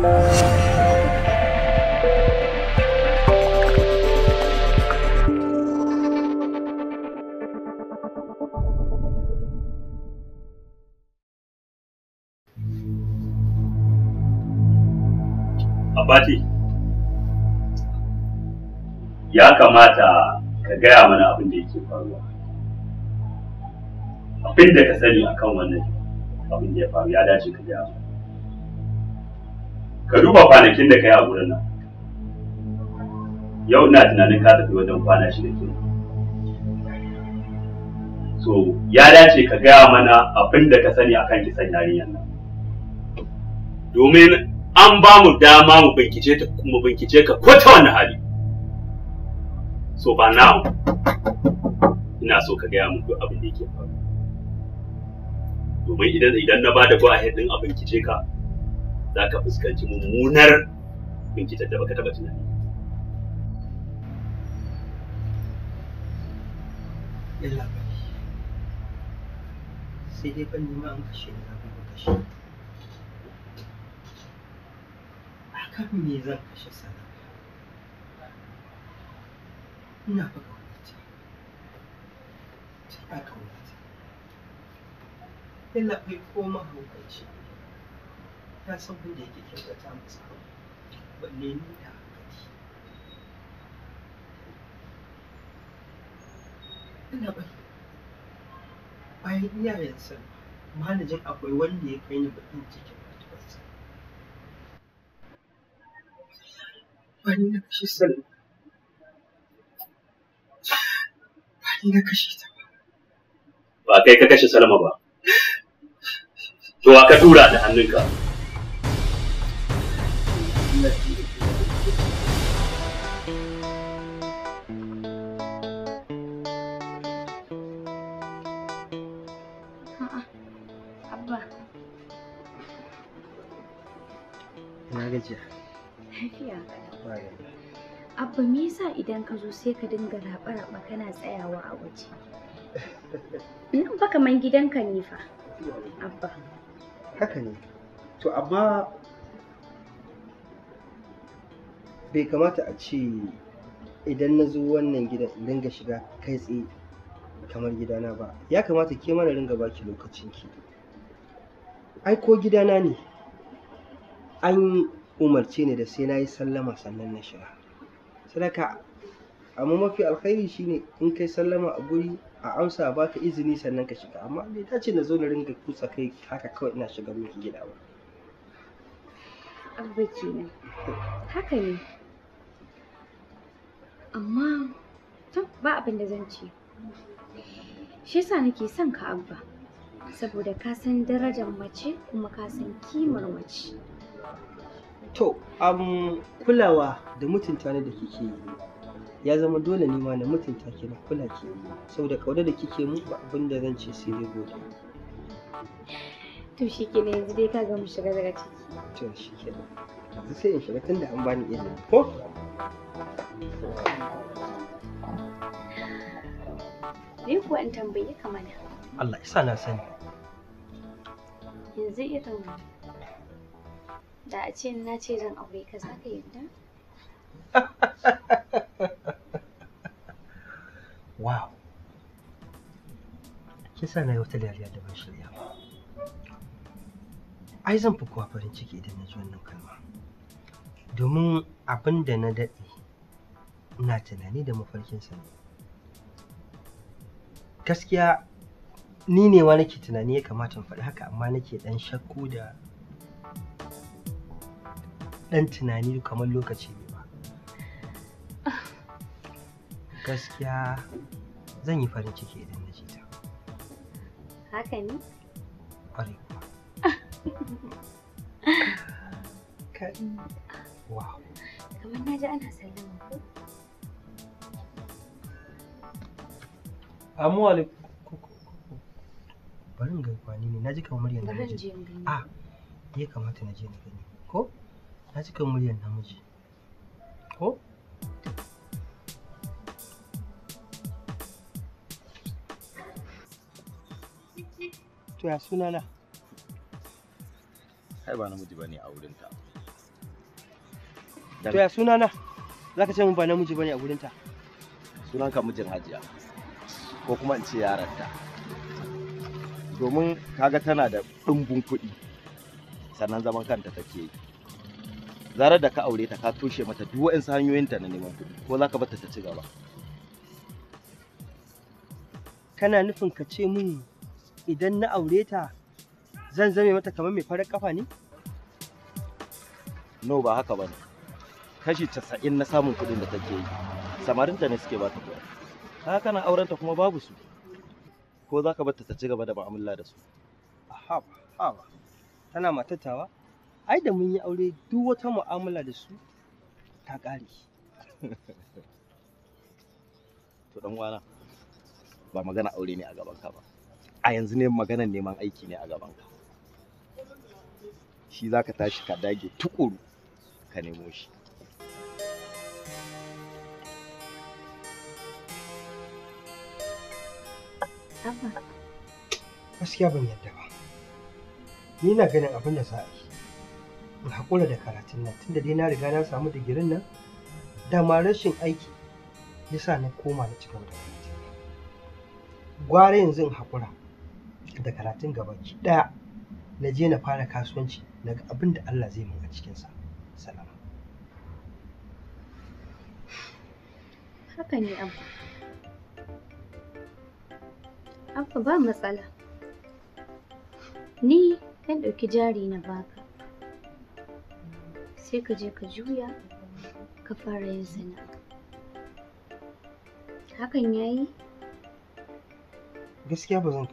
Abati, ya kamata ka gaya mana abin da yake faruwa. Abin da ka sani akan wannan abin da ya faru ya dace ka gaya mana. ka duba kwanakin da kai a gurin nan yau na tunanin ka tafi wajen kwana shida ke so ya dace ka gaya mana abin da ka sani akan kisan yarinyar nan domin an ba mu dama mu bincike ta mu bincike ka ko ta wani hali so ba now ina so ka gaya mu duk abin da yake faru domin idan idan na ba da go ahead din a bincike ka za ka fuskanci mummunar bincitar da baka taba tunani sai dai ban nema an kashe ni da kashe me zan kashe sana ina fa ta san wanda yake kyautata masa balle ni da hankali ina bai bayan iyayensa manajin akwai wanda ya kai ni bakin cikin mutuwarsa wani na kashe sallah wani na kashe ta ba kai ka kashe salma ba to ka dura da hannunka idan ka zo sai ka dinga raɓa-raɓa kana tsayawa a waje nan fa kaman gidanka ne fa abba haka ne to amma bai kamata a ce idan na zo wannan gidan in dinga shiga kai tsaye kamar gidana ba ya kamata ke mana ringa baki ki. ai ko gidana ne an umarce ni da sai na yi sallama sannan na shiga sadaka amma mafi alkhairi shine in kai sallama a guri a amsa baka izini sannan ka shiga amma bai dace na zo na ringa kutsa kai haka kawai ina shiga miki gida ba abba kenan haka ne amma to ba abin da zan ce shi yasa nake son ka abba saboda ka san darajar mace kuma ka san kimar mace to um, kulawa da mutunta ne da kike yi ya zama dole ne ma na mutunta ki na kula ki saboda ƙaunar da kike mu ba abin da zan ce sai dai gode to shi ke kenan yanzu dai ka gama shiga daga ciki to shi kenan yanzu sai in shiga tunda an bani izini ko Ni ko in tambaye ka mana. Allah isa na sani. Yanzu irin da a ce na ce zan aure ka za ka yarda? wow sa na wata dariya da ban shirya ba ai zan fi kuwa farin ciki idan na ji wannan kalma domin abin da na daɗe ina tunani da mafarkinsa ne gaskiya ni ne ma nake tunani ya kamata in faɗi haka amma nake ɗan shakku da ɗan tunani kamar lokaci gaskiya zan yi farin ciki idan na ji ta haka ne ƙwarai kuwa wow kamar na ji ana sallama ko amu alaikum bari in ga kwani ne na ji kamar muryar namiji a ah, ya kamata na je na gani ko na ji kamar muryar namiji ko To ya suna na? Kai ba namiji bane a wurin ta. To ya suna na? Zaka ce mun ba namiji bane a wurinta, ta. Sunan ka mijin Hajiya. Ko kuma in ce yaranta. Domin kaga tana da ɗumbin kuɗi. Sannan zaman kanta take yi. zarar da ka aure ta ka toshe mata duk waɗansu ta na neman kuɗi ko za ka bata ta ci gaba kana nufin ka ce min idan na aure ta zan zame mata kamar mai farar kafa ne? No ba haka ba ne. Kashi casa'in na samun kuɗin da take yi. Samarinta ne suke ba ta kuwa. Ka kana aurenta kuma babu su. Ko za ka bata ta ci gaba da mu'amala da su. Aha, aha. Tana matattawa? Ai da mun yi aure duk wata mu'amala da su ta ƙare. to dan wana ba magana aure ne a gaban ka ba. a yanzu ne maganar neman aiki ne a gaban ka shi za ka tashi ka dage tukuru ka nemo shi gaskiya ban yadda ba ni na ganin abin da za a yi in haƙura da karatun nan tunda dai na riga na samu digirin nan dama rashin aiki ya sa na koma na cikin da gwara yanzu in haƙura da karatun gabaki ɗaya na je na fara kasuwanci na ga abin da Allah zai min a cikinsa. Salama. Haka ne Abba. Abba ba matsala. Ni kan ɗauki jari na baka. Sai ka je ka juya ka fara yin sana'a. Hakan ya yi? Gaskiya ba zan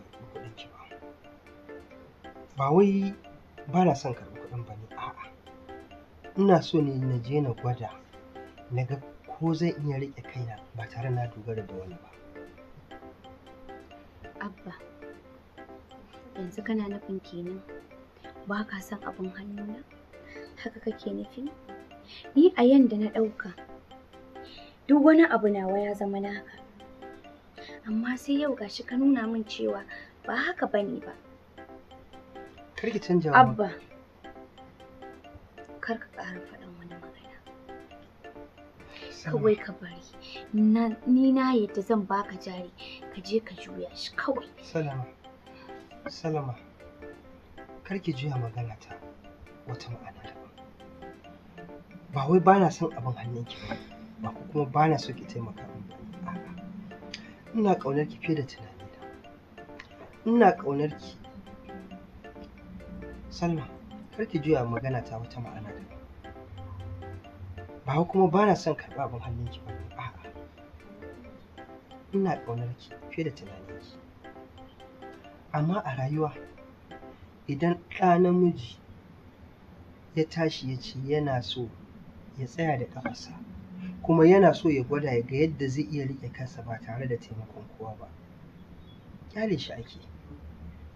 ba wai ba na son karɓar kuɗin ba ne a'a ina so ne na je na gwada na ga ko zan iya riƙe kaina ba tare na dogara da wani ba abba yanzu kana nufin kenan ba ka son abin hannuna haka kake nufi ni a yanda na ɗauka duk wani abu nawa ya zama naka amma sai yau gashi ka nuna min cewa ba haka bane ba Kar ki canja wa. Abba. Kar ka ƙara faɗin wani magana. Kawai ka bari. Ni na yadda zan baka jari ka je ka juya shi kawai. Salama. Salama. Kar ki juya magana ta wata ma'ana daban. Ba wai ba na son abin hannunki ba. Ba kuma ba na so ki taimaka min ba. Ina ƙaunar ki fiye da tunani na. Ina ƙaunar ki Salma, kar ki juya magana ta wata ma'ana da ba kuma ba na son karɓa abin hannunki ki ba a'a ina ƙaunar fiye da tunaninki. amma a rayuwa idan ɗa namiji ya tashi ya ce yana so ya tsaya da ƙafarsa kuma yana so ya gwada ya ga yadda zai iya riƙe kansa ba tare da taimakon kowa ba kyale shi ake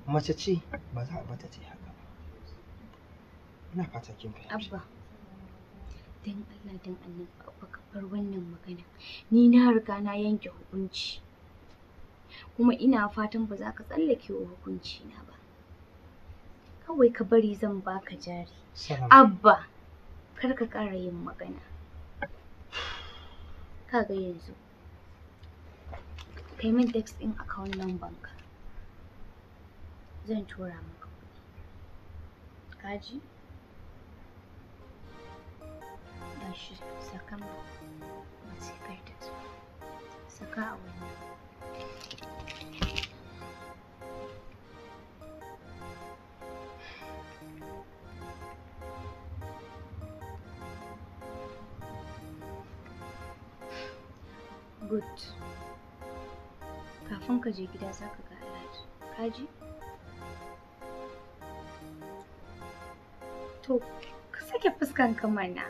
mace ce ba za a bata ta yi haka ina fata kin fahimci abba dan Allah dan Allah abba ka bar wannan magana ni na riga na yanke hukunci kuma ina fatan ba za ka tsallake wa hukunci na ba kawai ka bari zan baka jari abba kar ka ƙara yin magana kaga yanzu payment tax ɗin account nan ka zan tura maka kaji ba shi sakan wasikar ta saka a good kafin ka je gida za ka ga alhaji kaji to ka sake fuskan kamar na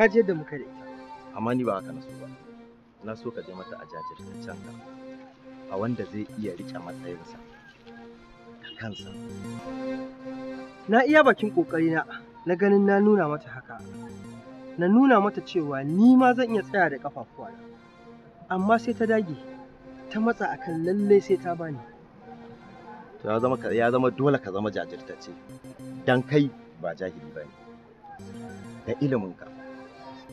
ka je yadda muka da ita amma ni ba haka na so ba na so ka je mata a jajirtaccen canza a wanda zai iya riƙe matsayinsa da kansa na iya bakin ƙoƙarina na ganin na nuna mata haka na nuna mata cewa ni ma zan iya tsaya da ƙafafuwana amma sai ta dage ta matsa akan lalle sai ta bani to ya zama ya zama dole ka zama jajirtacce dan kai ba jahili bane da ilimin ka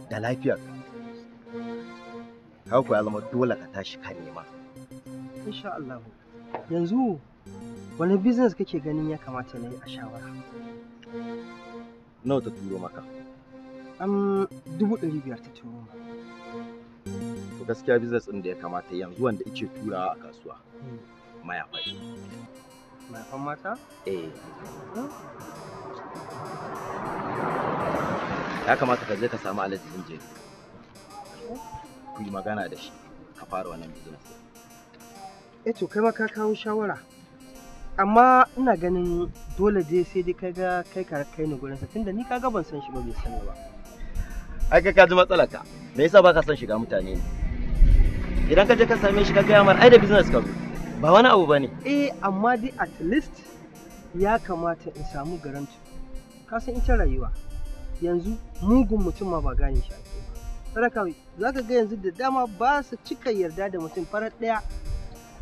da lafiyar ka ku ya zama dole ka tashi ka nema insha Allah yanzu wani business kake ganin ya kamata na yi a shawara nawa ta turo maka am dubu ɗari biyar ta turo ma. to gaskiya business ɗin da ya kamata yanzu wanda ike turawa a kasuwa hmm. mayafai mayafan mata eh hmm. ya kamata ka je ka samu alhaji inje ku yi magana da shi ka fara wannan business E to kai ma ka kawo shawara amma ina ganin dole dai sai dai kai ga kai ka kai ni gurin sa tunda ni kaga ban san shi ba bai san ba ai kai ka ji matsalar ka me yasa baka son shiga mutane ne idan ka je ka same shi ka gaya mar ai da business ka ba wani abu bane eh amma dai at least ya kamata in samu garanti ka san ita rayuwa yanzu mugun mutum ma ba gane shi ake ba, sadaka za ka ga yanzu da dama ba su cika yarda da mutum farar ɗaya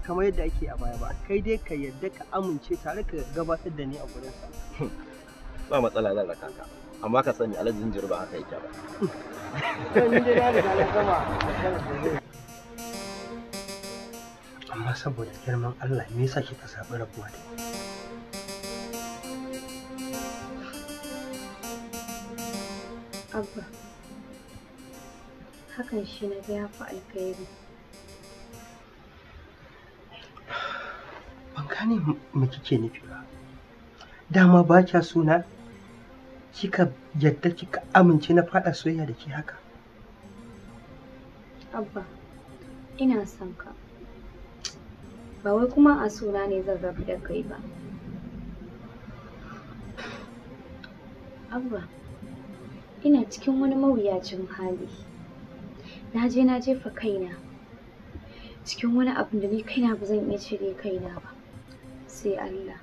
kamar yadda ake a baya ba kai dai ka yarda ka amince tare ka gabatar da ni a gurin sa ba matsala zan raka ka amma ka sani alhaji jinjiri ba haka yake ba amma saboda girman Allah me yasa kika sabu rabuwa da ni Abba, hakan shi na ga fi alkhairi. Ban gane me kike nufi ba. Dama ba kya suna kika yadda kika amince na fada soyayya da ke haka. Abba, ina son ka. Ba wai kuma a suna ne zan rabu da kai ba. Abba. ina cikin wani mawuyacin hali na je na jefa kaina cikin wani abu da ni kaina ba zan iya cire kaina ba sai Allah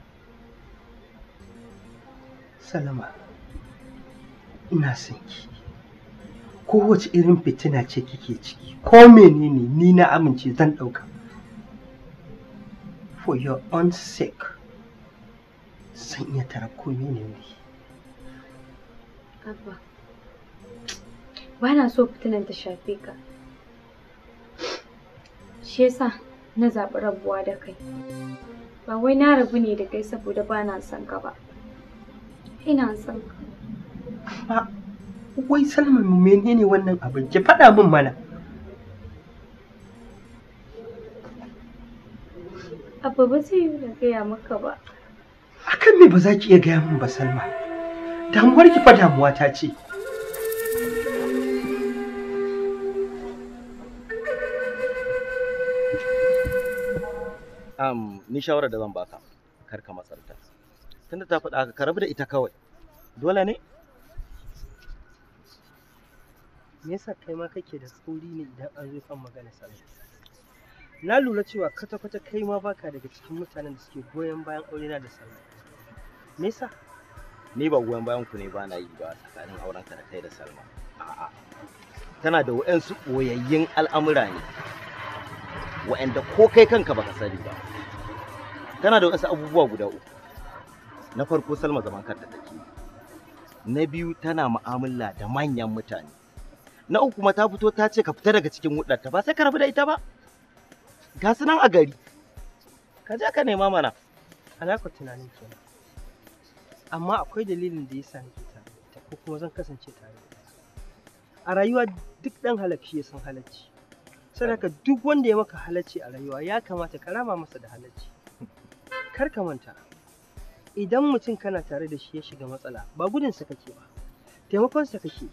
Salama ina son ki kowace irin fitina ce kike ciki ko menene ni na amince zan ɗauka for your own sake san iya tara ko menene Abba. ba na so fitinan ta shafe ka shi yasa na zaɓi rabuwa da kai ba wai na rabu ne da kai saboda ba na son ka ba ina son ka amma wai salman menene wannan abin ki faɗa min mana abu ba zai yi na gaya maka ba akan me ba za ki iya gaya min ba salma damuwar ki fa damuwa ta ce um, ni shawarar da zan baka kar ka matsarta tunda ta faɗa ka rabu da ita kawai dole ne me yasa kai ma kake da tsori ne idan an zo kan magana sai na lura cewa kwata-kwata kai ma baka daga cikin mutanen da suke goyon bayan na da sallah me yasa ni ba goyon bayan ku ne ba na yi ba tsakanin auren ka da kai da salma a'a tana da wa'ansu boyayyen al'amura ne wa'anda ko kai kanka baka sani ba tana da wasu abubuwa guda uku na farko salma zaman kanta take na biyu tana mu'amala da manyan mutane na uku kuma ta fito ta ce ka fita daga cikin hudarta ba sai ka rabu da ita ba ga su nan a gari ka je ka nema mana ana ku tunanin kenan amma akwai dalilin da ya sa nake tare da ko kuma zan kasance tare da a rayuwa duk dan halacci ya san halacci saboda duk wanda ya maka halacci a rayuwa ya kamata ka rama masa da halacci kar ka manta idan mutum kana tare da shi ya shiga matsala ba gudunsa kake ba taimakonsa kake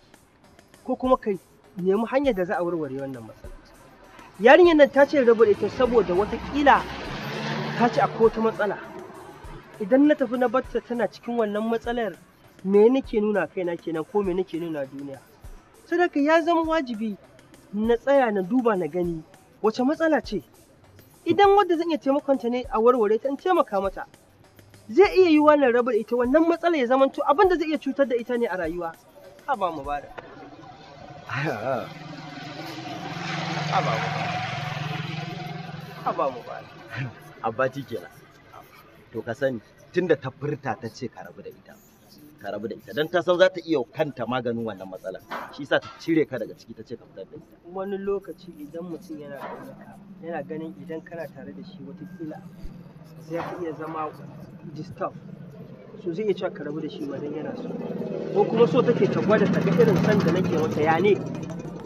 ko kuma ka nemi hanyar da za a warware wannan matsala yarinyar nan ta ce rabu da ita saboda wata kila ta ce akwai wata matsala idan na tafi na batta tana cikin wannan matsalar me nake nuna kaina kenan ko me nake nuna duniya sadaka ya zama wajibi na tsaya na duba na gani wace matsala ce idan wadda zan iya taimakon ta ne a warware ta in taimaka mata zai iya yi wannan rabar ita wannan matsala ya zama abin da zai iya cutar da ita ne a rayuwa ha ba mu bada ha ba mu bada ha ba mu bada abba kenan to ka sani tunda ta furta ta ce ka rabu da ita ka rabu da ita don ta san za ta iya kanta maganin wannan matsalar shi sa ta cire ka daga ciki ta ce ka fitar da ita wani lokaci idan mutum yana yana ganin idan kana tare da shi watakila zai ka iya zama disturb so zai iya cewa ka rabu da shi wajen yana so ko kuma so take ta gwada ta ga irin san da nake wata ya ne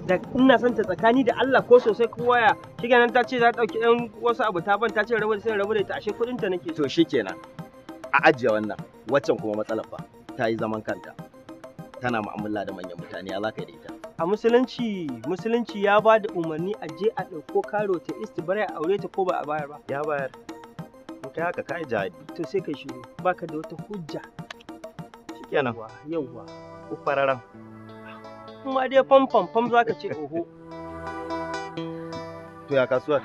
da ina son ta tsakani da Allah ko sosai ko waya shikenan ta ce za ta dauki ɗan wasu abu ta ban ta ce rabu da sai rabu da ita ashe kudin ta nake so shikenan a ajiye wannan waccan kuma matsalar ba ta yi zaman kanta tana mu'amala da manyan mutane ya zaka da ita a musulunci musulunci ya ba da umarni a je a ɗauko karo ta istibara a aure ta ko ba a bayar ba ya bayar ko kai haka kai jihadi to sai ka shiru baka da wata hujja shikenan yawwa ku fararan kuma dai fam fam fam zaka ce oho to ya kasuwa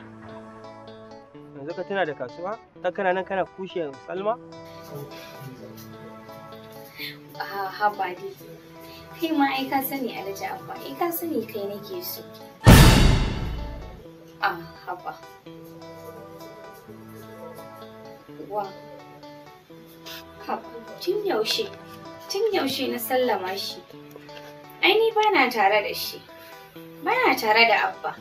yanzu ka tana da kasuwa ta kana nan kana kushe salma ha ba kai ma ai ka sani alhaji abba ai ka sani kai nake so a ah, haba wa haba tun yaushe tun yaushe na sallama shi ai ni bana tare da shi bana tare da abba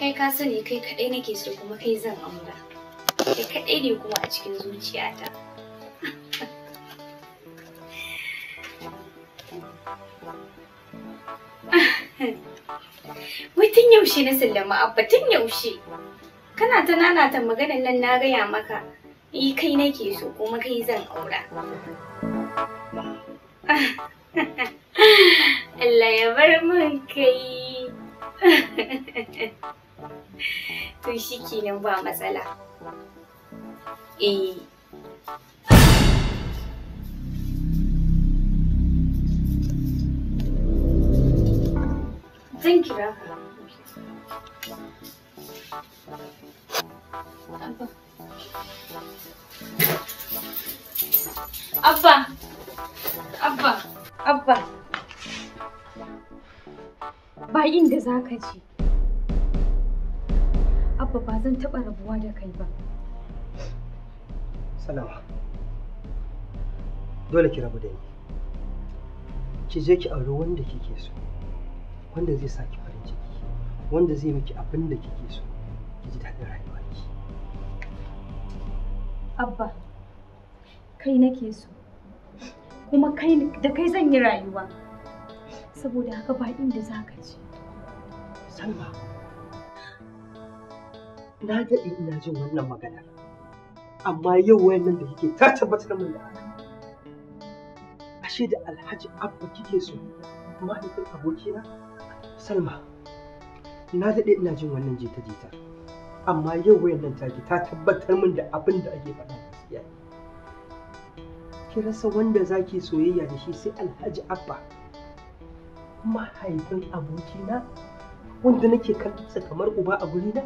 kai ka sani kai kadai nake so kuma kai zan aura kai kadai ne kuma a cikin zuciyata Wai tun yaushe na sallama abba tun yaushe. Kana ta nana ta maganar nan na gaya maka. Eh kai nake so kuma kai zan aura. Allah ya bar mun kai. To shi kenan ba matsala. Eh. Dzięki, ja. Abba. Abba. Abba. Abba. Ba inda za ka je. Abba ba zan taɓa rabuwa da kai ba. Salama. Dole ki rabu da ni. Ki je ki auri wanda kike so. wanda zai saki farin ciki wanda zai miki abin da kike so ki ji daɗin rayuwarki abba kai nake so kuma kai da kai zan yi rayuwa saboda haka ba inda za ka je salma na daɗe ina jin wannan magana amma yau wayannan da kike ta tabbatar min da ashe da alhaji abba kike so mahaifin abokina Salma, na daɗe ina jin wannan jita-jita, amma yau wayannan nan take ta tabbatar min da abin da ake faɗa gaskiya. Ki rasa wanda zaki soyayya da shi sai Alhaji Abba, mahaifin abokina, wanda nake kallonsa kamar uba a gurina.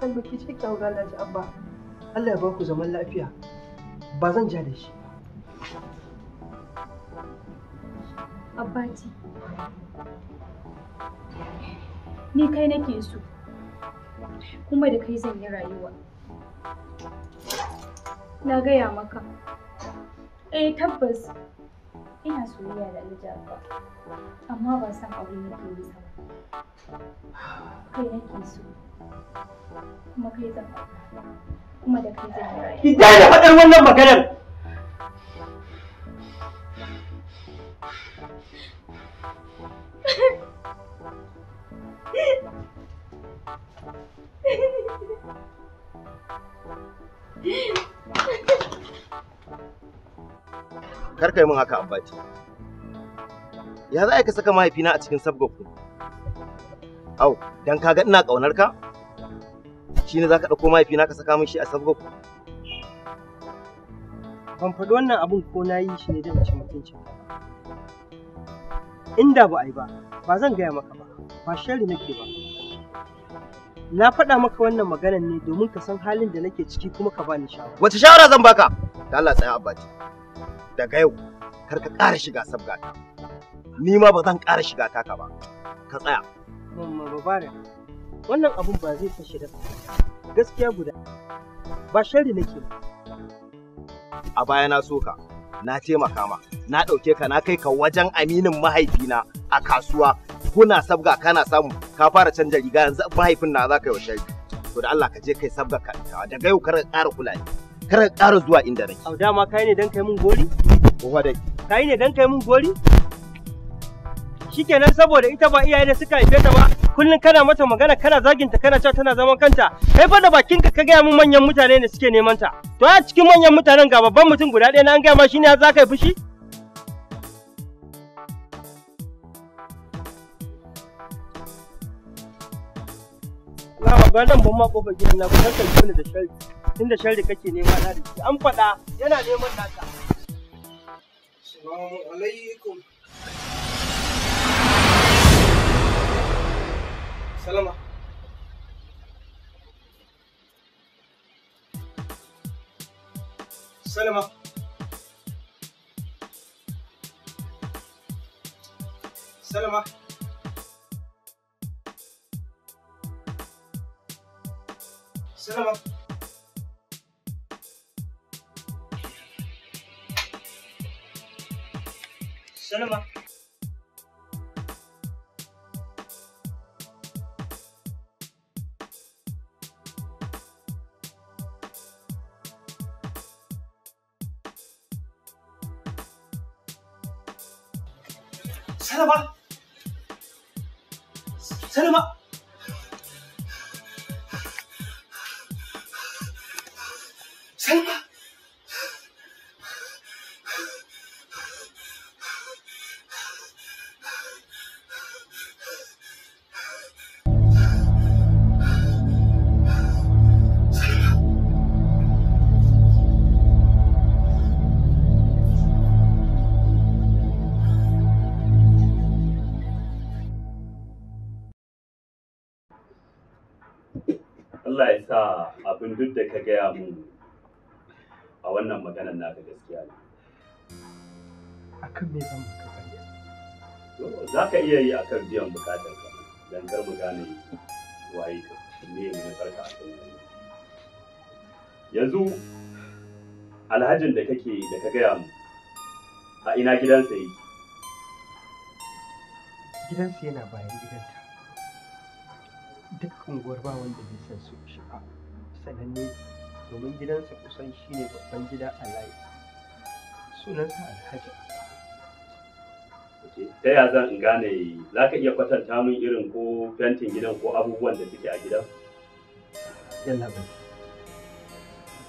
Salma ki ce ki aure Alhaji Abba, Allah ya ba ku zaman lafiya, ba zan ja da shi. Abbaji. Ni kai nake so. Kuma da kai zan yi rayuwa. Na gaya maka. Eh tabbas ina soyayya da Alijaba. Amma ba san aure nake yi ba. Kai nake so. Kuma kai zan kuma da kai zan yi rayuwa. Ki da faɗar wannan maganar. Kar yi min haka abbati. Ya za a ka saka mahaifina a cikin sabgar ku? Au, dan kaga ina ƙaunar ka? Shi ne za ka ɗauko mahaifina ka saka min shi a sabgar ku? Ban faɗi wannan abun ko na yi shi ne da cin mutuncin ba. inda ba a yi ba ba zan gaya maka ba ba shari nake ba na faɗa maka wannan maganan ne domin ka san halin da nake ciki kuma ka bani shawara wace shawara zan baka da Allah tsaya abaji daga yau kar ka ƙara shiga sabgata ni ma ba zan ƙara shiga taka ba ka tsaya mamma babare wannan abun ba zai fashe da gaskiya guda ba shari nake ba a baya na soka na taimaka ma na ɗauke ka na kai ka wajen aminin mahaifina a kasuwa kuna sabga kana samu ka fara canja riga yanzu mahaifin na yi wa shari to da Allah ka je kai sabga ka daga yau kar ƙara kula ni ƙara zuwa inda nake au dama kai ne dan kai mun gori ko dai kai ne dan kai mun gori shikenan saboda ita ba iyaye da suka haife ta ba kullum kana mata magana kana zaginta kana cewa tana zaman kanta kai fa da bakin ka gaya mun manyan mutane ne suke neman ta to a cikin manyan mutanen ga babban mutum guda ɗaya na an gaya ma shine za ka yi fushi za mu ga nan ban ma kofar gidan na ku tantance ni da sharri tunda sharri kake nema na da shi an faɗa yana neman nata Assalamu alaikum Salama Salama Salama Sallama. Sallama. Salama. Salama. Salma! Allah ya sa abin duk da ka gaya mun wannan maganar naka gaskiya ne akan me zan maka bayani za ka iya yi akan biyan bukatar ka don kar mu gane waye ka me mu na farka a kan yanzu alhajin da kake da ka gaya mu a ina gidansa yi? gidansa yana bayan gidanta duk unguwar ba wanda bai san su shi ba sananne domin gidansa kusan shi ne babban gida a layi sunansa alhaji ta ya zan gane za ka iya kwatanta min irin ko fentin gidan ko abubuwan da suke a gidan yalla ba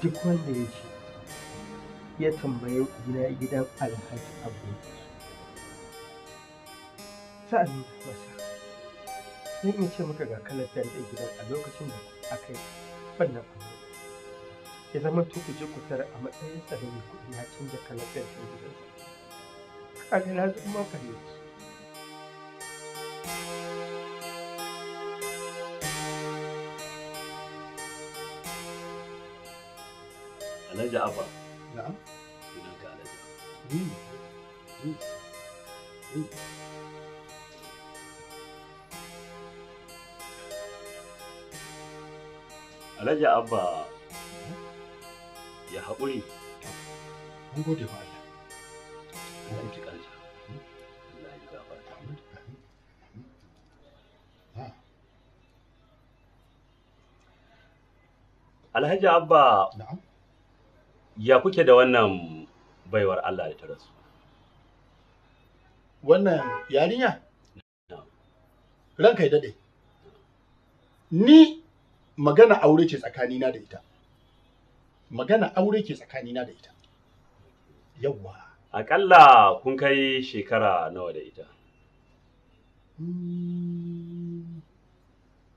duk wanda ya ce ya tambaye gina gidan alhaji abu sa'an masa zan iya ce maka ga kalar fentin gidan a lokacin da aka yi wannan abu ya zama to ku je ku a matsayin sa da mai kuɗi ya canja kalar fentin gidansa kaga na zama fahimci Alhaji Abba. Na'am. Sunan ka Alhaji Alhaji Abba ya haƙuri mun gode ba Allah mun gode ƙarja Allah ya gafarta mana Alhaji Abba ya kuke da wannan baiwar Allah ya ta rasu wannan yarinya ranka ya dade ni magana aure ce tsakanina da ita magana aure ke tsakani na da ita yawwa akalla kun kai shekara nawa da ita hmm,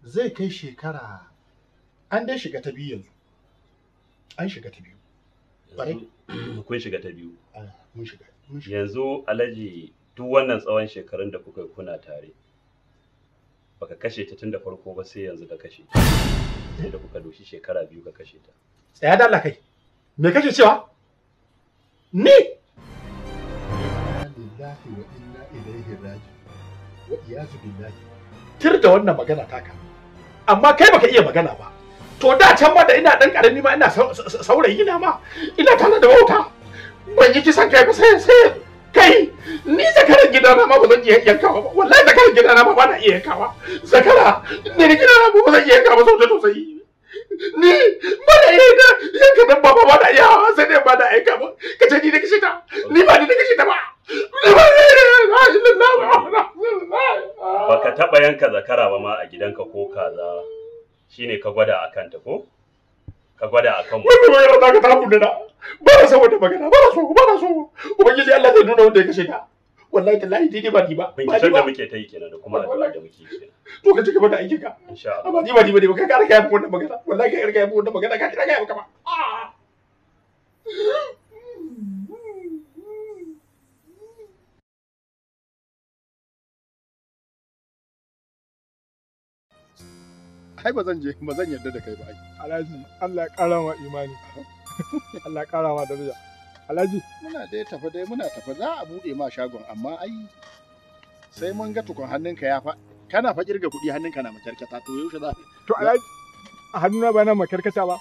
zai kai shekara an dai shiga ta biyu yanzu an shiga ta biyu kun shiga ta biyu ah, yanzu alhaji duk wannan tsawon shekarun da kuka kuna tare baka kashe ta tun da farko ba sai yanzu ka kashe ta sai da kuka doshi shekara biyu ka kashe ta tsaya da Allah kai me kake cewa ni wa tir da wannan magana taka amma kai baka iya magana ba to da can ma da ina dan karami ma ina saurayi na ma ina tana da wauta ban yi kisan kai ba sai sai kai ni zakaran gidana ma ba zan iya yankawa ba wallahi zakaran gidana ma ba na iya yankawa zakara ni gidana ma ba zan iya yankawa sau da tausayi ni ba da iya ita yan kadan ba ba da iya hawa sai dai ba da aika ba ka ce ni da kashe ta ni ba ni da kashe ta ba ba ka taɓa yanka zakara ba ma a gidanka ko kaza shine ka gwada a ta ko ka gwada a kanmu wani wani rata ka tabu da ba na san wata magana ba na so ba na so ubangiji Allah zai nuna wanda ya kashe ta wallahi tallahi dai ba di ba ba di ba muke ta yi kenan da kuma addu'a da muke kenan to ka cigaba da aikin insha Allah ba di ba di ba di ka kara wannan magana wallahi ka kara kai wannan magana ka kira kama ah. ai ba zan je ba zan yarda da kai ba ai alhaji Allah ya kara imani Allah ya kara Alhaji. Muna dai tafa dai muna tafa za a buɗe ma shagon amma ai sai mun ga tukun hannunka ya fa kana fa kirga kuɗi hannunka na makarkata to yaushe za to Alhaji a hannuna ba na makarkata ba.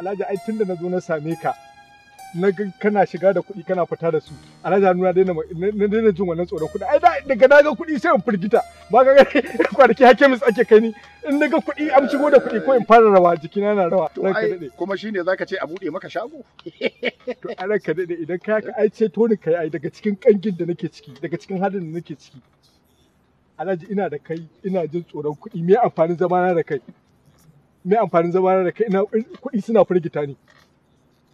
Alhaji ai tunda na zo na same ka na kana shiga da kuɗi kana fita da su a na na daina jin wannan tsoron kuɗi ai daga na ga kuɗi sai in firgita ba ga hake hakemis ake kai ni in na ga kuɗi an shigo da kuɗi ko in fara rawa jikina na rawa To ai kuma shine zaka ce a buɗe maka shago to a ranka daɗe idan ka ka ai ce toni kai ai daga cikin kangin da nake ciki daga cikin halin da nake ciki alhaji ina da kai ina jin tsoron kuɗi me amfanin zamana da kai me amfanin zamana da kai ina kuɗi suna firgita ni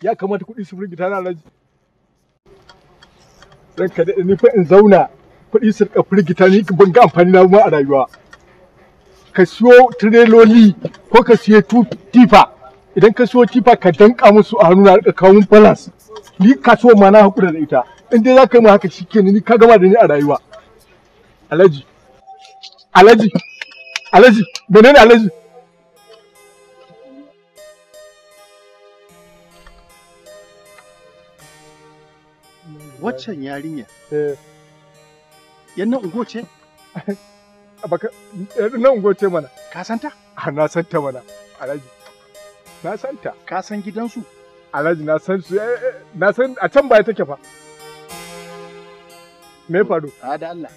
ya kamata kuɗi su firgita na alhaji ka daɗa ni fa in zauna kuɗi su rika firgita ni ban ga amfani na ma a rayuwa ka siyo tireloli ko ka siyo tifa idan ka siyo tifa ka danka musu a hannu na rika kawo min balance ni kasuwa ma na haƙura da ita in dai za ka yi ma haka shi kenan ni ka gama da ni a rayuwa alhaji alhaji alhaji menene alhaji waccan yarinya eh. yan nan ungo ce baka nan ungo ce mana ka san a ah, na ta mana alhaji na ta. ka san gidansu alhaji na san su eh, eh, na san a can baya take fa me faru a ah, da Allah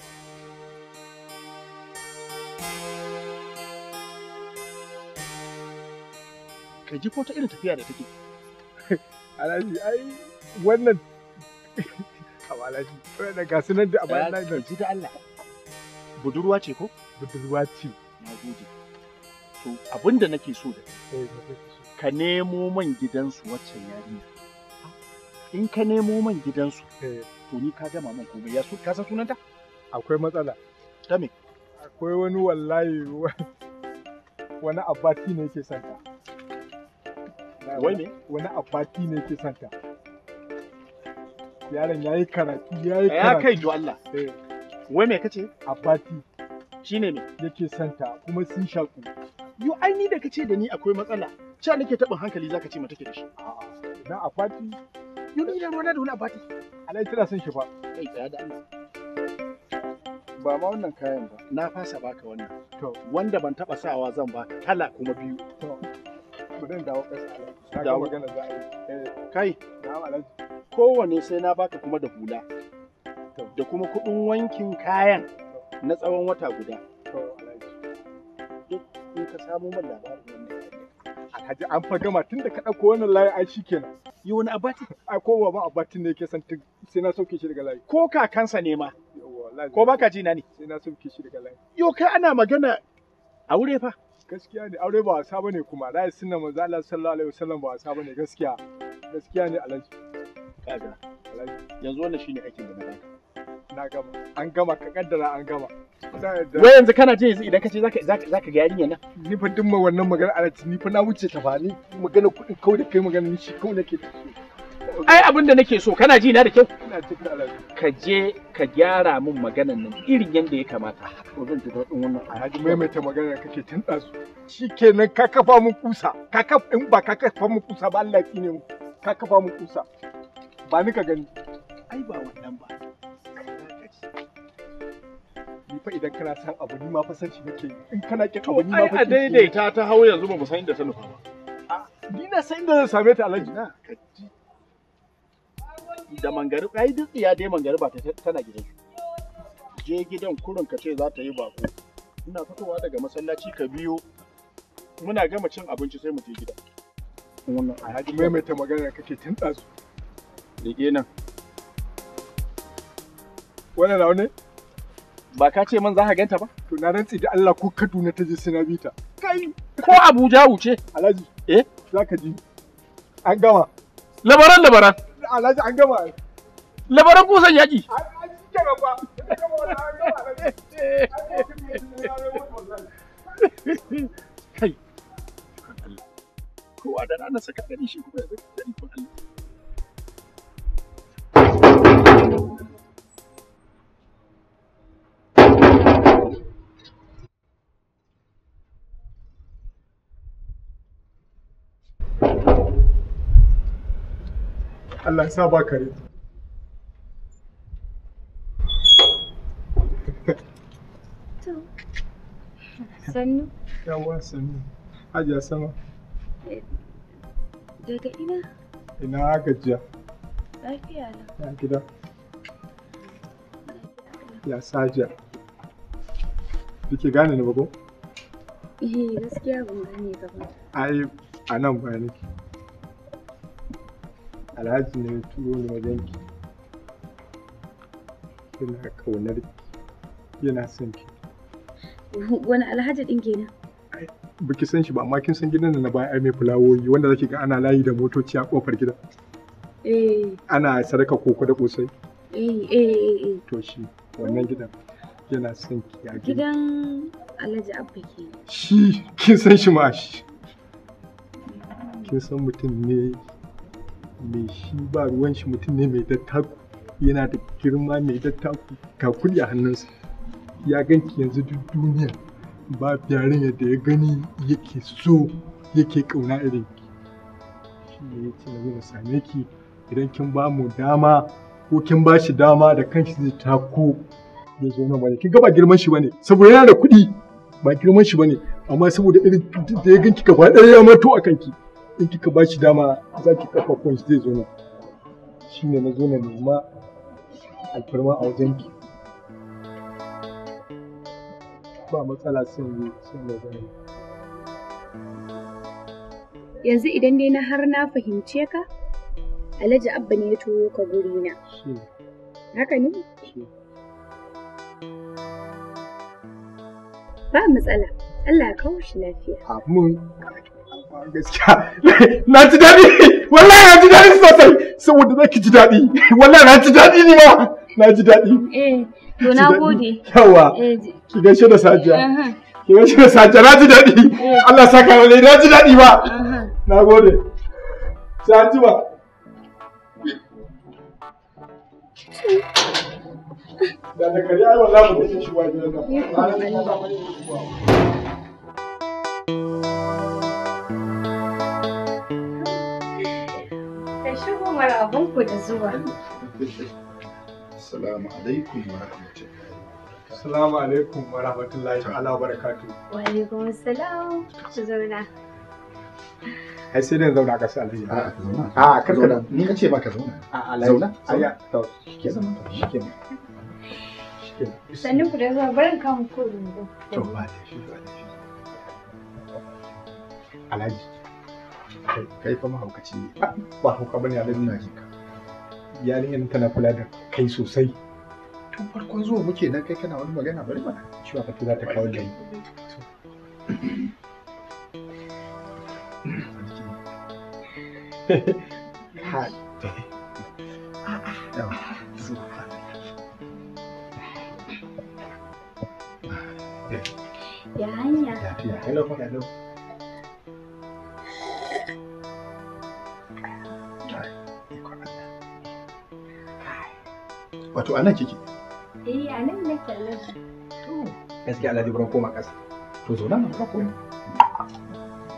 ka ji ko ta irin tafiya da take alhaji ai wannan hawa lashi da ga sunan da a bayan nan da ji da Allah budurwa ce ko budurwa ce na gode to abinda nake so da eh, ka nemo man gidansu waccan yarinya in ka nemo man gidansu eh. to ni ka gama man komai ya so ka san sunanta akwai matsala ta me akwai wani wallahi wani abati ne yake santa wai ne wani abati ne yake santa Yaron ya yi karatu, ya yi karatu. Ya kai to Allah. Eh. Wai me kace? Abati. Shi ne me? Yake santa kuma sun shaku. Yo ai ni da kace da ni akwai matsala. Cewa nake taɓin hankali zaka ce mata ke da shi. A'a, na abati. Yo ni da ruwana da wani abati. Alai tana son shi fa. Kai tsaya da Allah. Ba ma wannan kayan ba. Na fasa baka wannan. To, wanda ban taɓa sawa zan ba kala kuma biyu. To, bari dawo ƙasa. Dawo. Eh. Kai. Na alaji. kowane sai na baka kuma da hula da kuma kuɗin wankin kayan na tsawon wata guda duk in ka samu man labarin wannan Haji an fa gama tunda da ka ɗauko wannan layi an shikenan yi wani abati a ko ba abatin ne yake san sai na sauke shi daga layi ko kakansa ne ma ko baka ji na ne sai na sauke shi daga layi yo kai ana magana aure fa gaskiya ne aure ba wasa bane kuma ra'ayi sunna manzo Allah sallallahu alaihi wasallam ba wasa bane gaskiya gaskiya ne alhaji kaga yanzu wannan shine aikin da na baka na gama an gama ka kaddara an gama wai yanzu kana jin yanzu idan ka ce zaka zaka ga yarinya na ni fa dimma wannan magana ana ni fa na wuce ta fa ni magana kudin kawai da kai magana ni shi kawai nake ai abin da nake so kana ji na da kyau ka je ka gyara min maganan nan irin yadda ya kamata Ko zan ji daɗin wannan alhaji maimaita maganar kake tun ɗazu shikenan ka kafa min kusa ka kafa in ba ka kafa min kusa ba Allah ya ne mu ka kafa min kusa ba ni ka gani ai ba wannan ba ni fa idan kana san abu ni ma fa san shi nake in kana ki abu ni ma fa ai a daidaita ta hau yanzu ba mu san inda ta nufa ba ni na san inda zan same ta alhaji na da mangaru ai duk ya dai mangaru ba tana gidan je gidan kurun ka ce za ta yi bako ina fitowa daga masallaci ka biyo muna gama cin abinci sai mu je gida wannan a maimaita magana kake tun ɗazu Rike nan. Wannan Ba ka ce man za ka ganta ba? To na rantsi da Allah ko Kaduna ta je Kai ko Abuja wuce? Alhaji. Eh? Za ka ji. An gama. Labaran labaran. Alhaji an gama. Labaran kusan yaƙi. Kai. Kowa da ranar saka gani shi kuma ya zai Allah sa ba kare sannu yawa sannu hajiya sama eh, daga ina ina gajiya lafiya na ya gida ya sajiya Bike gane ni ba ko? Eh gaskiya ban gane ba. Ai anan ba nake. alhaji ne turo ne wajen ki yana kaunar ki yana son ki wani alhaji din kenan biki san shi ba amma kin san gidan da na baya ai mai fulawoyi wanda zaki ga ana layi da motoci a kofar gidan eh ana sadaka koko da kosai eh, eh eh eh to shi wannan gidan yana son ki ya gidan alhaji abba ke shi kin san shi ma shi kin san mutum ne mai shi ba ruwan shi mutum ne mai tattaku yana da girma mai tattaku ga kuɗi a hannunsa ya ganki yanzu duk duniya ba yaren yadda ya gani yake so yake ƙauna irin ki shi ne yake na same ki idan kin ba mu dama ko kin ba shi dama da kanshi zai tako ya zo nan bane kin ga girman shi bane saboda yana da kuɗi ba girman shi bane amma saboda irin da ya ganki gaba ɗaya ya mato a kanki in kika ba shi dama za ki kafa kun zai zo nan shi ne na zo na nema alfarma a wajen ki ba matsala sun yi sun da zai yanzu idan dai na har na fahimce ka alhaji abba ne ya turo ka guri na haka ne ba matsala Allah ya kawo shi lafiya. Amin. gaskiya na ji daɗi wallahi na ji daɗi sosai saboda zaki ji daɗi wallahi na ji daɗi ni ma na ji daɗi eh to na gode yawa eh, ki gaishe da sajiya ki gaishe da sajiya na ji daɗi eh. Allah saka wani na ji daɗi ma na gode sajiya ba da da kare mu shi ba alaikum wa da wa rahmatullahi. wa alaikum salam. Ku sai zauna kar ka ni ka ce ba ka zauna. A'a, Zauna. da zuwa barin kan ku. To ba da shi ba da shi. Alhaji. kai fa mahaukaci ne ah, ba hauka bane a na ji ka yarinyar tana kula da kai sosai tun farkon zuwa muke nan kai kana wani magana bari ba cewa ka tura ta kawo gari Ya hanya. Ya, Hello, hello. wato a nan kike eh a nan ne kallon to gaskiya Alhaji koma ƙasa. to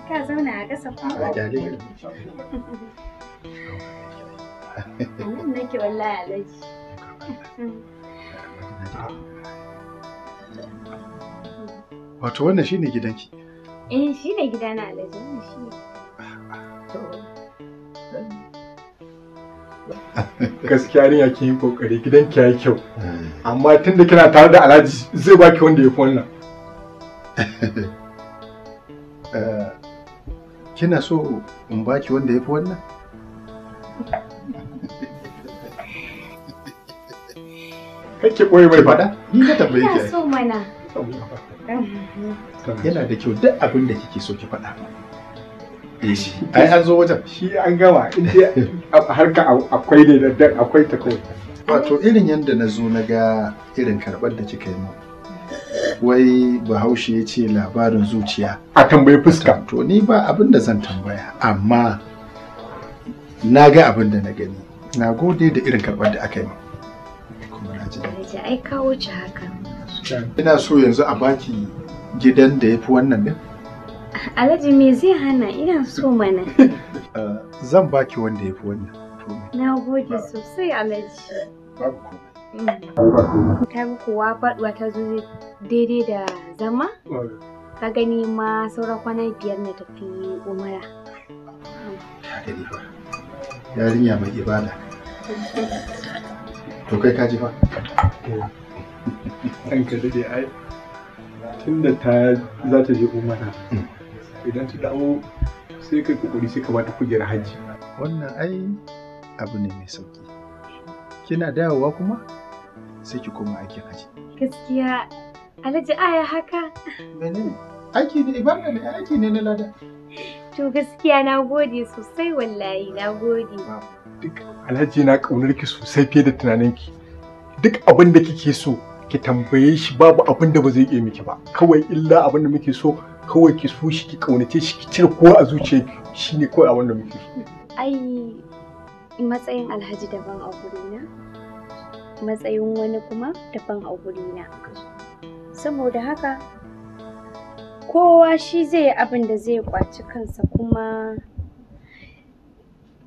ka zauna a ƙasa ko a jale nake wallahi Wato wannan shine gidanki? Eh shine gidana Alhaji, shine. gaskiya ne ya kin kokari gidan ki yayi kyau eh. amma tunda kina tare da Alhaji zai baki wanda ya fi wannan eh, kina so in baki wanda ya fi wannan kake koyi mai fada ni ka tambaye ki ina so mana yana da kyau duk abin da kike so ki faɗa eh shi ai an zo wajen shi an gama in harka akwai ne da akwai ta kawai wato irin yadda na zo na ga irin karɓar da kika yi mun wai bahaushe ya ce labarin zuciya a tambayi fuska to ni ba abin da zan tambaya amma na ga abin da na gani na gode da irin karɓar da aka yi ai kawo ci haka ina so yanzu a baki gidan da ya fi wannan din Alhaji me zai hana ina so mana. Uh, zan baki wanda ya fi wannan. Na gode sosai Alhaji. Mm. Ta kuwa faɗuwa ta zo daidai da zama? Ka gani ma sauran kwana biyar na tafi umara. Yarinya mai ibada. To kai kaji fa. Ɗanka dade ai. Tunda ta za ta je umara. Mm. idan ta dawo sai kai kokari sai ka bata kujerar hajji wannan ai abu ne mai sauki kina dawowa kuma sai ki koma aikin hajji gaskiya alhaji aya haka menene aiki ne ibada ne aiki ne na lada to gaskiya na gode sosai wallahi na gode duk alhaji na kaunar ki sosai fiye da tunanin ki duk abin da kike so ki tambaye shi babu abin da ba zai yi miki ba kawai illa abin da muke so kawai ki so shi ki kaunace shi ki cire kowa a zuciyarki shine kawai abin da muke so ai matsayin alhaji daban a gurina matsayin wani kuma daban a gurina saboda haka kowa shi zai yi abin da zai kwaci kansa kuma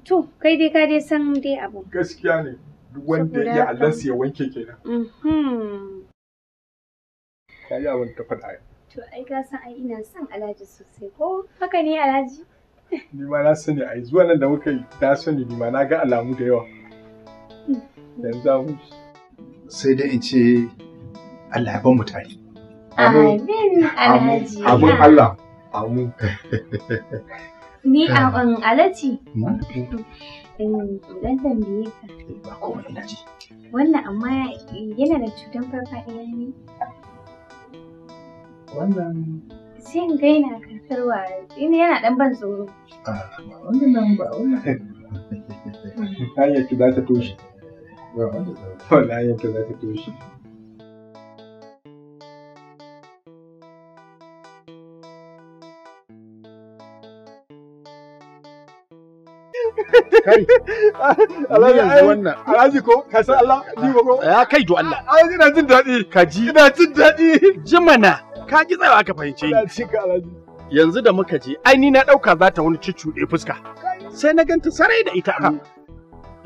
to kai dai ka dai san dai abin gaskiya ne duk wanda ya allansa ya wanke kenan mhm. ka yi abin ta faɗa To ai ka san ai ina son Alhaji sosai ko haka ne Alhaji? Ni ma na sani ai zuwa nan da muka yi na sani ni ma na ga alamu da yawa. Yanzu za mu sai dai in ce Allah ya ba mu tare. Amin Alhaji. Amin Allah. Amin. Ni a alaci. Dan tambaye ka. Eh, ba ko ina ji. Wannan amma yana da cutar farfaɗiya ne. Wannan sai in ga yana karkarwa yana dan ban tsoro. Wannan nan ba wannan hmm. hanyar ki za ta toshe. Wannan hanyar ki za ta toshe. kai alhaji wannan alhaji ko ka san Allah ni ko ya kai do Allah ai ina jin daɗi ka ji ina jin daɗi jimana Ka ji tsayawa ka fahimce ni. Yanzu da muka je, ai ni na ɗauka za ta wani cuccuɗe fuska. Sai na ganta sarai da ita a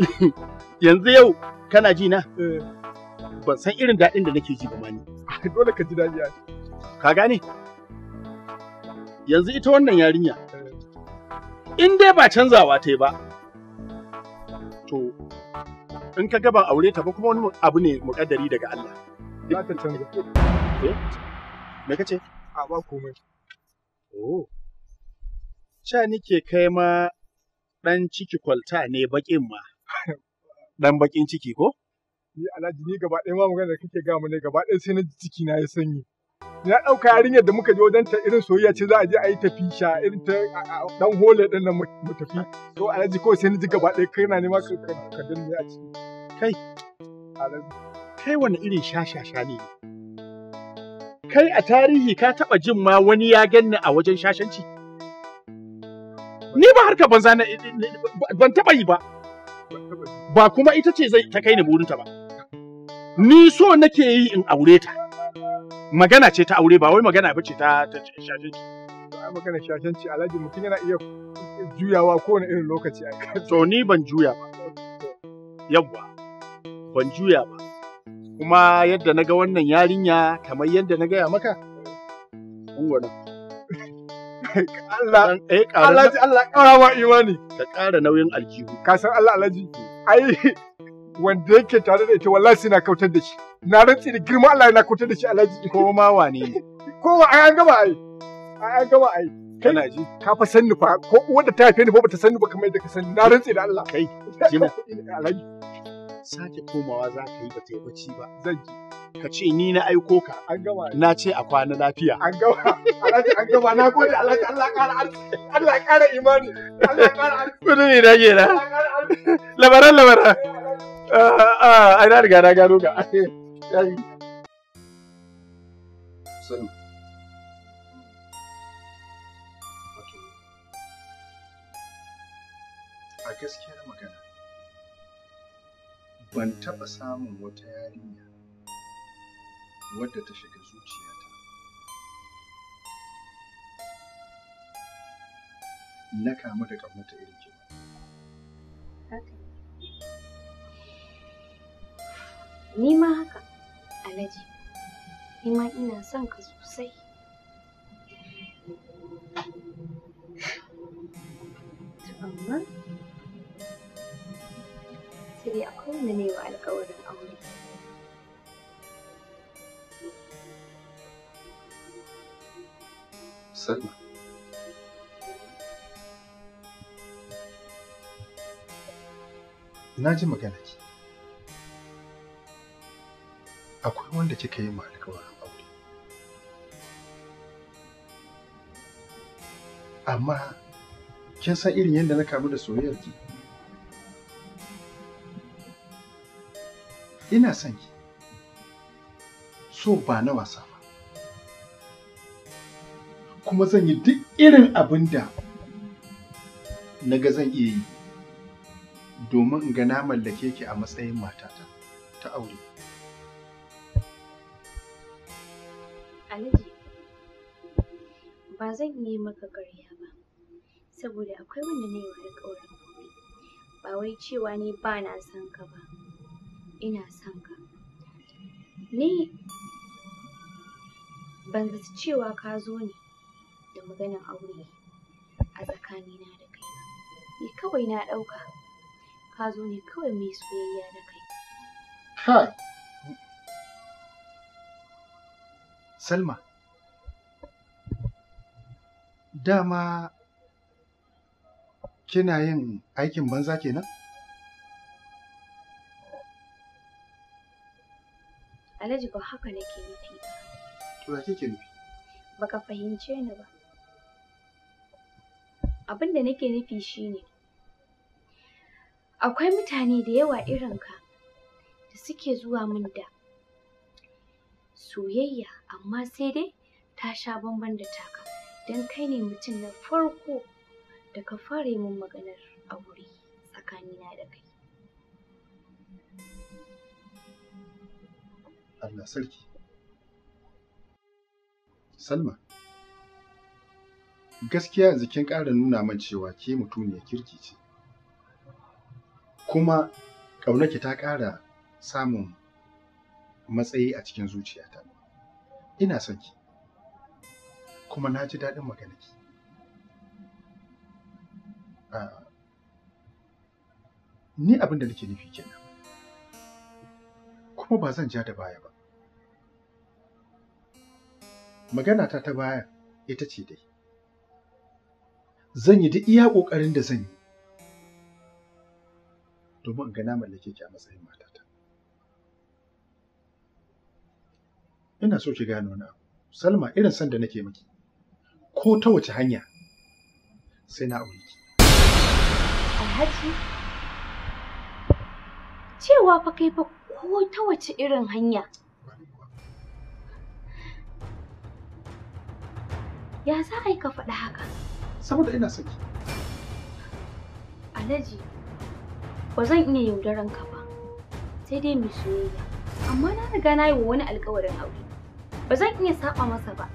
Yanzu yau kana ji na? Eh. Ban san irin daɗin da nake ji ba ni. Ah, dole ka ji daɗi Ka gane? Yanzu ita wannan yarinya. Eh. In dai ba canzawa ta yi ba, to in ka gaban aure ta ba kuma wani abu ne muƙaddari daga Allah. Za ta canza. Eh? Me kace? A ba komai. Oh. Sha nike kai ma ɗan ciki kwalta ne baƙin ma. Ɗan baƙin ciki ko? Ni Alhaji ni gaba ɗaya ma magana da kake ga mu ne gaba ɗaya sai na ciki na ya sanyi. Na ɗauka yarinyar da muka je wajen ta irin soyayya ce za a je a yi tafi sha irin ta ɗan hole ɗin nan mu tafi. To Alhaji kawai sai na ji gaba ɗaya kai na nema ka danne a ciki. Kai. Alhaji. Kai wani irin sha sha sha ne. kai a tarihi ka taɓa jin ma wani ya ganni a wajen shashanci? Ni ba harka banza na ban taɓa yi ba, ba kuma ita ce zai ta kai ni burinta ba. Ni so nake yi in aure ta. Magana ce ta aure ba wai magana ba ce ta shashanci. magana shashanci alhaji mutum yana iya juyawa kowane irin lokaci a To ni ban juya ba. Yawwa, ban juya ba. kuma yadda na ga wannan yarinya kamar yadda na gaya maka ungwana Allah Allah Allah ƙara ma imani ka ƙara nauyin aljihu ka san Allah alaji ai wanda yake tare da ita wallahi sai na kautar da shi na rantsi da girma Allah na kautar da shi alaji ko ma wane ne ko ai an gaba ai ai an gaba ai kana ji ka fa sanni fa ko wanda ta haife ni ba ta sanni ba kamar yadda ka sanni na rantsi da Allah kai jima alaji sake komawa za ka yi ba ta yi bacci ba zan ji ka ce ni na aiko ka an gama na ce a kwana lafiya an gama alhaji an gama na gode alhaji Allah kara Allah kara imani Allah kara kudi ne da gera labaran labaran eh, a ah, ah, ah. na riga na gano ka a gaskiya ban taɓa samun wata yarinya wadda ta shiga zuciyata na kamu da ƙaunata irin ki haka ni ma haka alaji ni ma ina son ka sosai asiri a kowanne ne wa alƙawarin aure. Salma. Na ji magana ki. Akwai wanda kika yi ma alƙawarin aure. Amma kin san irin yadda na kamu da soyayyar ki? ina son ki so ba na wasa ba kuma zan yi duk irin abin da na ga zan iya yi domin in ga na mallake ki a matsayin matata ta aure Alhaji ba zan yi maka ƙarya ba saboda akwai wanda ne yi wa ba wai cewa ne ba na son ka ba ina son ka ni ban zaci cewa ka zo ne da maganin aure a tsakanina da kai ni kawai na ɗauka ka zo ne kawai mai soyayya da kai kai salma dama kina yin aikin banza kenan? Alhaji ba haka nake nufi ba. To ya kike nufi? Baka fahimce ni ba. Abin da nake nufi shine akwai mutane da yawa irin ka da suke zuwa min da soyayya amma sai dai ta sha bamban da taka don kai ne mutum na farko da ka fara min maganar aure tsakanina da kai. Allah sarki. Salma, gaskiya zikin ƙara nuna man cewa ke mutuniyar kirki ce, kuma ƙaunaki ta ƙara samun matsayi a cikin zuciyata. Ina son ki, kuma na ji daɗin maganaki. Ni abin da nake nufi kenan, kuma ba zan ja da baya ba. magana ta ta baya ita ce dai zan yi duk iya ƙoƙarin da zan yi domin ga na mallake ki a matsayin matata ina so ki gano na salma irin san da nake miki ko ta wace hanya sai na aure ki alhaji cewa fa kai fa ko ta wace irin hanya Ya za a yi ka faɗi haka? Saboda ina saki. Alhaji, ba zan iya yaudaran ka ba, sai dai mai soyayya. Amma na riga na yi wa wani alkawarin aure. Ba zan iya saba masa ba.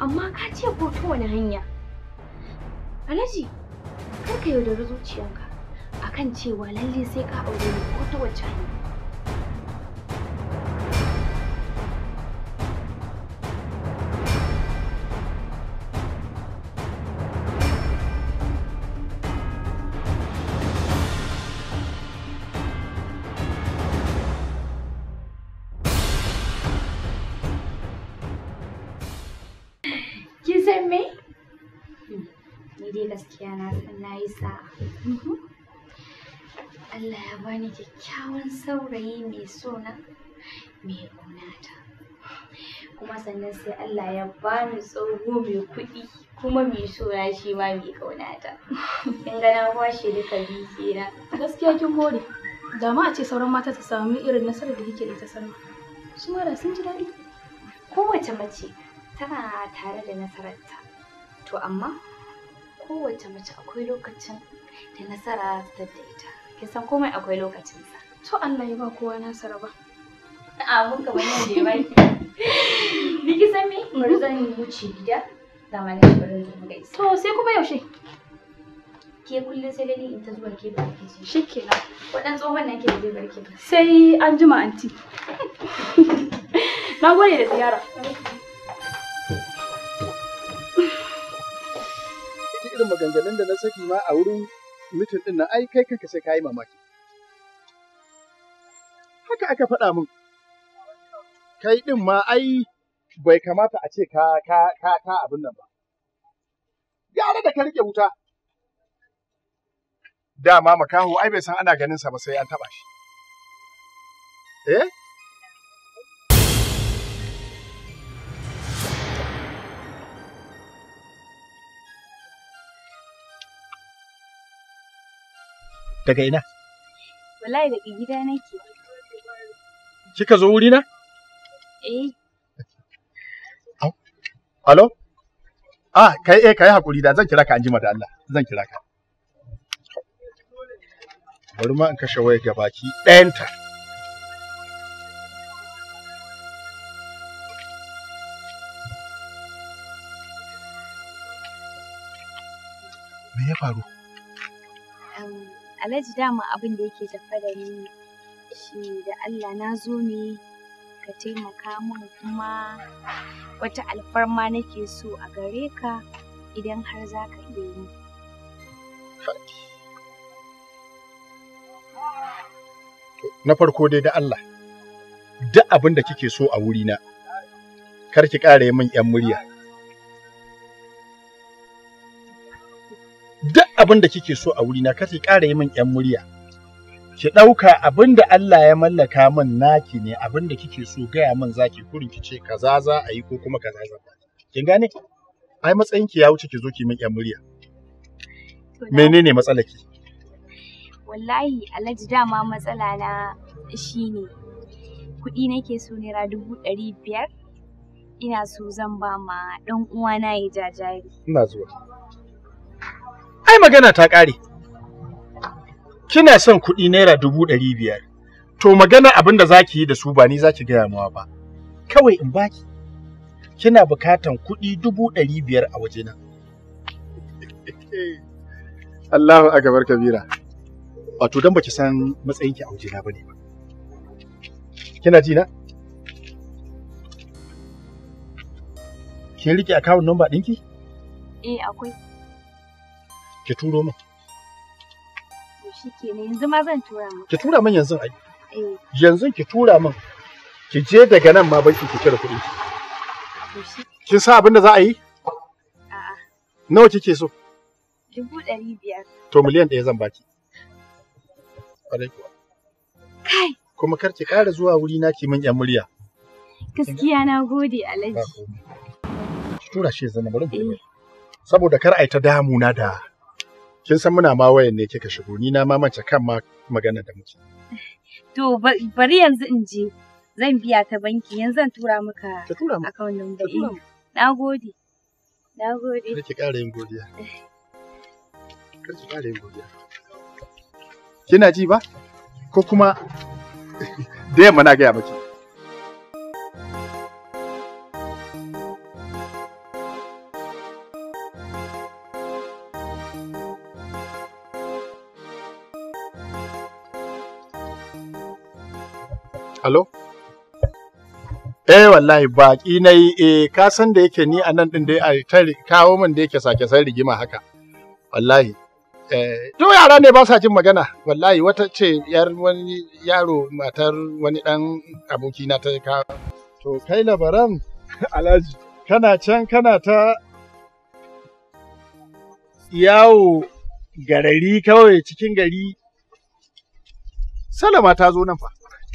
Amma ka ce ko ta wani hanya? Alhaji, kar ka yaudari zuciyanka akan cewa lalle sai ka aure ni ko ta wacce hanya. Isa Allah ya bani kyakkyawan saurayi mai sona mai ƙunata kuma sannan sai Allah ya bani tsoho mai kuɗi kuma mai sona shi ma mai ƙaunata in ga na kwashe duka biyu gaskiya kin gode da ma a ce sauran mata ta sami irin nasarar da kike da ta sama su ma sun ji daɗi kowace mace tana tare da nasararta to amma kowace mace akwai lokacin da nasara ta da ita kin san komai akwai lokacin sa to Allah ya ba kowa nasara ba a mun kamar da ya bai. ni ki san me bari zan yi wuce gida da ma ne bari zan gaisa to sai kuma yaushe ke kullum sai dai in ta zuwa ke ba ke ji shikenan wadan tsohon nan ke da barke sai an jima anti na gode da ziyara irin maganganun da na saki ma a wurin mitin ɗin nan ai kai kanka sai kayi mamaki haka aka faɗa min kai ɗin ma ai bai kamata a ce ka ka ka ka abin nan ba gyara da ka rike wuta dama makaho ai bai san ana ganin sa ba sai an taɓa shi eh Daga ina? Wallahi daga gida nake. Kika zo wuri na? Eh. Halo? Ah, kai eh kai hakuri da zan kira ka anjima da Allah. Zan kira ka. Bari ma in kashe waya gabaki ɗayanta. Me ya faru? alhaji dama abin da yake tafa da ni shi da Allah na zo ne ka taimaka min kuma wata alfarma nake so a gare ka idan har za ka iya yi. Na farko dai da Allah, duk abin da kike so a wurina, kar ki ƙara min ‘yan murya. abin da kike so a wuri na ki ƙara yi min ƴan murya ki ɗauka abin da Allah ya mallaka min naki ne abin da kike so gaya min zaki kurin ki ce kaza za a yi ko kuma kaza za a yi kin gane ai matsayin ki ya wuce ki zo ki min ƴan murya menene matsalar ki wallahi alhaji dama matsala na shine kuɗi nake so naira dubu ɗari biyar ina so zan ba ma ɗan uwana ya jajari ina zuwa ai magana ta ƙare kina son kuɗi naira dubu ɗari biyar to magana abin da za ki yi da su ba ni za ki gaya mawa ba kawai in baki kina bukatan kuɗi dubu ɗari biyar a wajena Allahu akbar kabira wato dan baki san matsayinki a na bane ba kina ji na ke rike account number ɗinki eh akwai ki turo min yanzu ma zan tura ki tura min yanzu ai eh. yanzu ki tura min ki je daga nan ma banki ki cire kuɗi kin sa abin da za a yi a'a nawa kike so dubu ɗari biyar to miliyan ɗaya zan baki Alaikum. kai kuma kar ki ƙara zuwa wuri na ki min yan murya gaskiya na gode alhaji ki tura shi yanzu na bari eh. saboda kar a yi ta na da kin san muna ma wayan ne kika shigo ni na ma mace kan ma magana da muke to bari yanzu in je zan biya ta banki yanzu zan tura maka account number na gode nagode gode kake ƙara yin godiya kike ƙara yin godiya kina ji ba ko kuma da mana na gaya miki Hello? Eh wallahi baki na yi eh ka san da yake ni a nan din da ya ta kawo min da yake sake san rigima haka. Wallahi. Eh to yara ne ba sa jin magana. Wallahi wata ce yar wani yaro matar wani dan aboki na ta ka. To kai labaran Alhaji kana can kana ta yawo garari kawai cikin gari. Salama ta zo nan fa.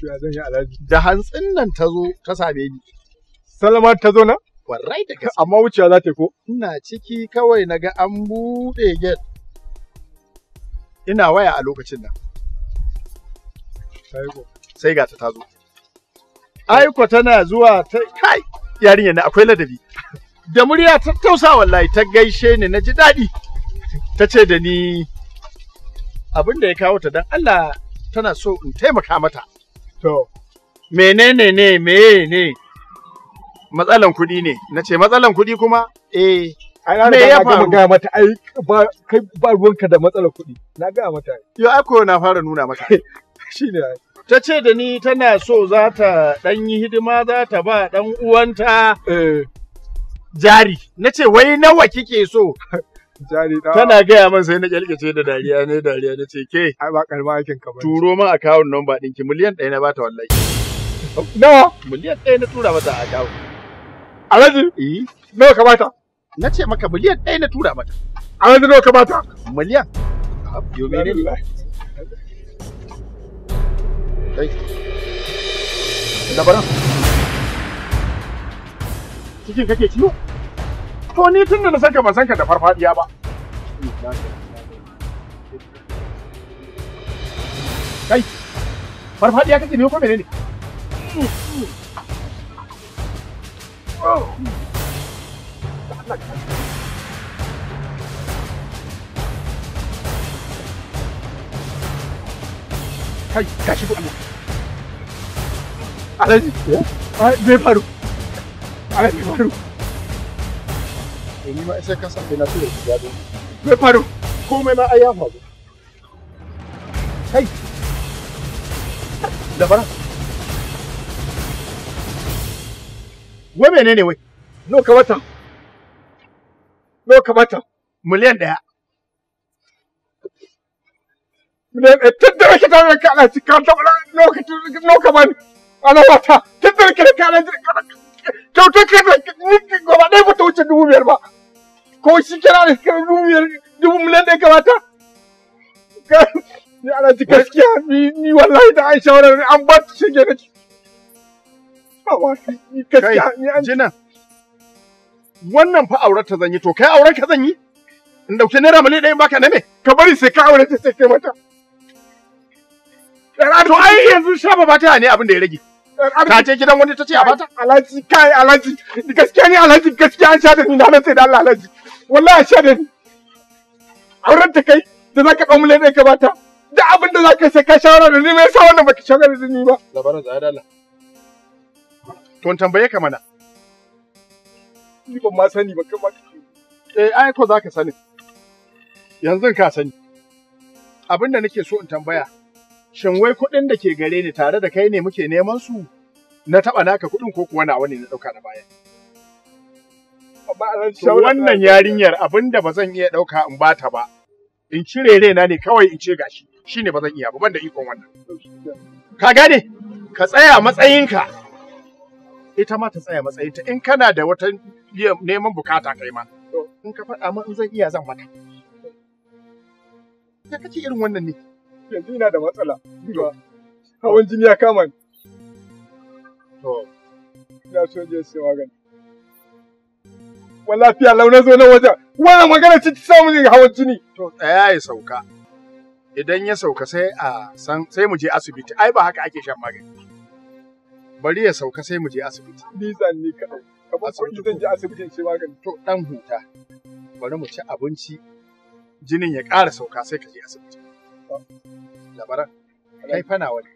ya zan yi alhaji da hantsin nan ta zo ta same ni salama ta zo na kwarai da gaske amma wuciya za ta ko ina ciki kawai naga an buɗe gate ina waya a lokacin nan sai ga ta ta zo aiko tana zuwa ta kai yarinya ne, akwai ladabi da murya ta tausa wallahi ta gaishe ni na ji daɗi ta ce da ni abin da ya kawo ta dan Allah tana so in taimaka mata To, menene ne, meye ne? Matsalan kuɗi ne, na ce matsalan kuɗi kuma? Eh, me ya faru? Na gaya mata ai kai ba ruwanka da matsalan kuɗi, na gaya mata. Yo, ai koyo na fara nuna maka. Shi ne Ta ce da ni tana so za ta ɗan yi hidima za ta ba ɗan uwanta eh. jari. Na ce wai nawa kike so? Tana gaya min sai na kyalkyace da dariya ne dariya na ce ke. Ai ba karma aikin ka ba. Turo min akawun number ɗinki miliyan ɗaya na bata wallahi. Nawa? Miliyan ɗaya na tura mata a akawun. Alhaji? Eh. Nawa ka bata? Na ce maka miliyan ɗaya na tura mata. Alhaji nawa ka bata? Miliyan. Yo mene ne? Kai. Na bara. Cikin kake ciwo? To ni tun da na sanka ban sanka da farfadiya ba. Kai, farfadiya kake ne ko menene? Kai, gashi ko Allah. Alhaji, me faru? Alhaji faru. to ni sai ka san na tura ki gado me faru komai ma ai ya faru kai da bara wai menene wai no ka wata no ka wata miliyan daya miliyan ɗaya tun da kake tare da kana ta, ka taɓa lokacin no ka bani ana wata tun da kake tare da kana kyautar kai da ni gaba ɗaya ba ta wuce dubu biyar ba ko shi kira da suka dubu biyar dubu miliyan da ya kamata ni ana ji gaskiya ni wallahi da an shawarar an ba ta shige da ke. gaskiya ni an jina wannan fa auren ta zanyi to kai auren ka zanyi in dauke naira miliyan ɗaya baka na me ka bari sai ka aure ta sai kai mata to ai yanzu shafa ba ta ne abin da ya rage ta ce gidan wani ta ce a bata alhaji kai alhaji gaskiya ne alhaji gaskiya an sha da ni na sai da Allah alhaji wallahi sha da ni auren ta kai da zaka ɗau miliyan ɗaya ka bata da abin da zaka sai ka shawara da ni mai sa wannan baki shawara da ni ba labarin tsaya dala to tambaye ka mana ni ban ma sani ba kuma eh ai to zaka sani yanzu ka sani abin da nake so in tambaya shin wai kuɗin da ke gare ni tare da kai ne muke neman su na taɓa naka kuɗin ko kuwa nawa ne na ɗauka da baya wannan yarinyar abinda ba zan iya ɗauka in ba ta ba in cire raina ne kawai in ce gashi shine ba zan iya ba banda ikon wannan ka gane ka tsaya matsayinka ita ma ta tsaya matsayinta in kana da wata neman bukata kai ma in ka faɗa ma in zan iya zan mata ka kace irin wannan ne yanzu ina da matsala hawan jini ya kama to ina so je sai magani lafiya launa zo nan wajen wannan magana ce ta samu hawan jini to tsaya ya sauka idan ya sauka sai a san sai mu je asibiti ai ba haka ake shan magani bari ya sauka sai mu je asibiti ni zan ni kadai kamar kun zan je asibitin sai magani to dan huta bari mu ci abinci jinin ya ƙara sauka sai ka je asibiti labaran kai fana wani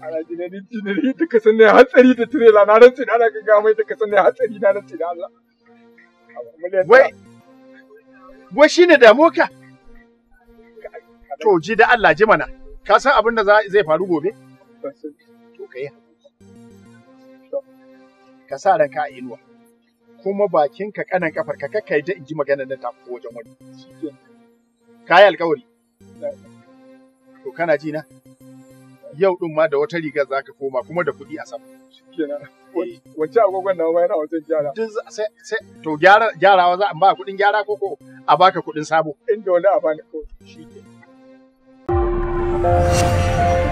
ana jinani jinani duka sanne hatsari da tirela na rantsi da ana gaggawa mai duka sanne hatsari na rantsi da Allah Wai, wai shi ne ka? To, ji da Allah ji mana, ka san abin da zai faru gobe? To, ka yi Ka sa ranka a inuwa, kuma bakinka kanan kafar ka kai da in ji maganar da ta wajen wani. Ka yi alkawari. To, kana ji na? yau din ma da wata rigar ka koma kuma da kuɗi a sama eh. Wace agogon na nawa yana wajen gyara duk sai sai to gyara gyarawa za a ba kuɗin gyara ko ko a baka kuɗin sabo inda wani a bani ko shi ke.